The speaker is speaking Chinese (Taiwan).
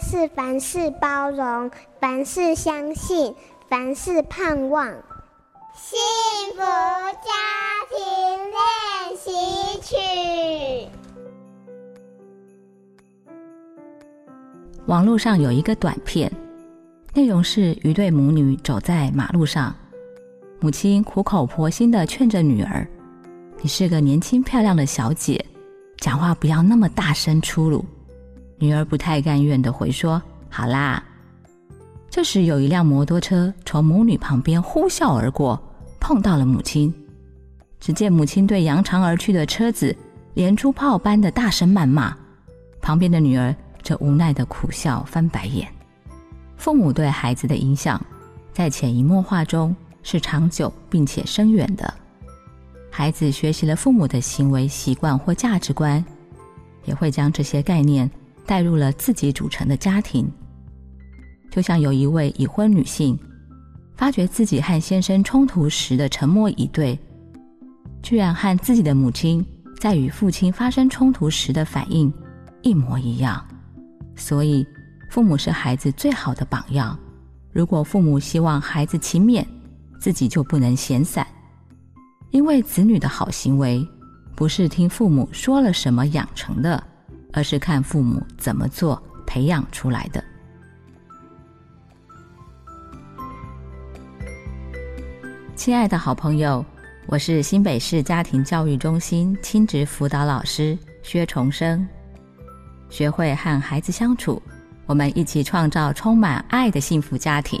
是凡事包容，凡事相信，凡事盼望。幸福家庭練習曲。網絡上有一個短片，內容是一對母女走在馬路上，母親苦口婆心的勸着女兒：“你是個年輕漂亮的小姐，講話不要那麼大聲粗魯。”女兒不太甘願地回說：“好啦。”這時，有一輛摩托車從母女旁邊呼嘯而過，碰到了母親。只見母親對揚長而去的車子連珠炮般的大聲謾罵，旁邊的女兒則無奈的苦笑、翻白眼。父母對孩子的影響，在潛移默化中是長久並且深遠的。孩子學習了父母的行為習慣或價值觀，也會將這些概念。代入了自己組成的家庭，就像有一位已婚女性發覺自己和先生衝突時的沉默以對，居然和自己的母親在與父親發生衝突時的反應一模一樣。所以，父母是孩子最好的榜樣。如果父母希望孩子勤勉，自己就不能閒散，因為子女的好行為不是聽父母說了什麼養成的。而是看父母怎麼做培養出來的。親愛的好朋友，我是新北市家庭教育中心親職輔導老師薛重生。學會和孩子相處，我們一起創造充滿愛的幸福家庭。